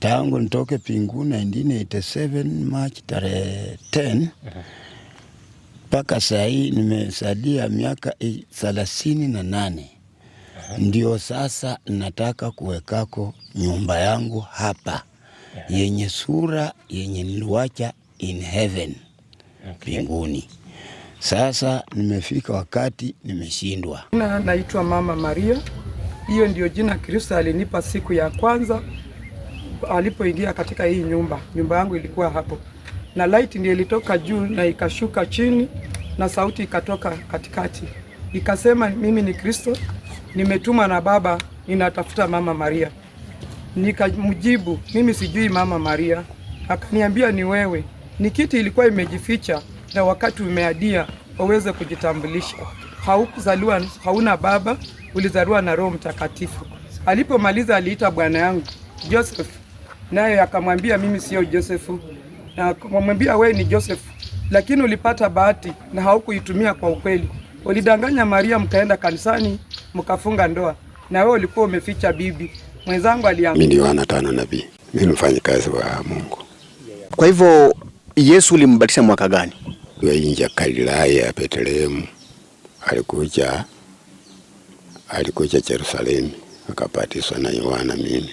tangu nitoke pingu 1987 March tarehe 10 mpaka saa hii nimesalia miaka thelathini na nane. Ndio sasa nataka kuwekako nyumba yangu hapa yenye sura yenye niliwacha in heaven mbinguni. Okay. Sasa nimefika wakati nimeshindwa. naitwa Mama Maria, hiyo ndio jina Kristo alinipa siku ya kwanza alipoingia katika hii nyumba. Nyumba yangu ilikuwa hapo, na light ndio ilitoka juu na ikashuka chini, na sauti ikatoka katikati ikasema, mimi ni Kristo, nimetumwa na Baba, ninatafuta mama Maria. Nikamjibu, mimi sijui mama Maria. Akaniambia, ni wewe. Ni kiti ilikuwa imejificha, na wakati umeadia waweze kujitambulisha. Haukuzaliwa, hauna baba, ulizaliwa na Roho Mtakatifu. Alipomaliza aliita bwana yangu Joseph naye akamwambia mimi sio Josefu, na akamwambia wewe ni Josefu, lakini ulipata bahati na haukuitumia kwa ukweli. Ulidanganya Maria, mkaenda kanisani mkafunga ndoa, na wewe ulikuwa umeficha bibi. Mwenzangu aliamini. Mimi ni Yohana tano nabii, mimi mfanye kazi wa Mungu. Kwa hivyo Yesu ulimbatisha mwaka gani? inja Galilaya ya Betlehemu, alikuja alikuja Yerusalemu akabatizwa na Yohana mimi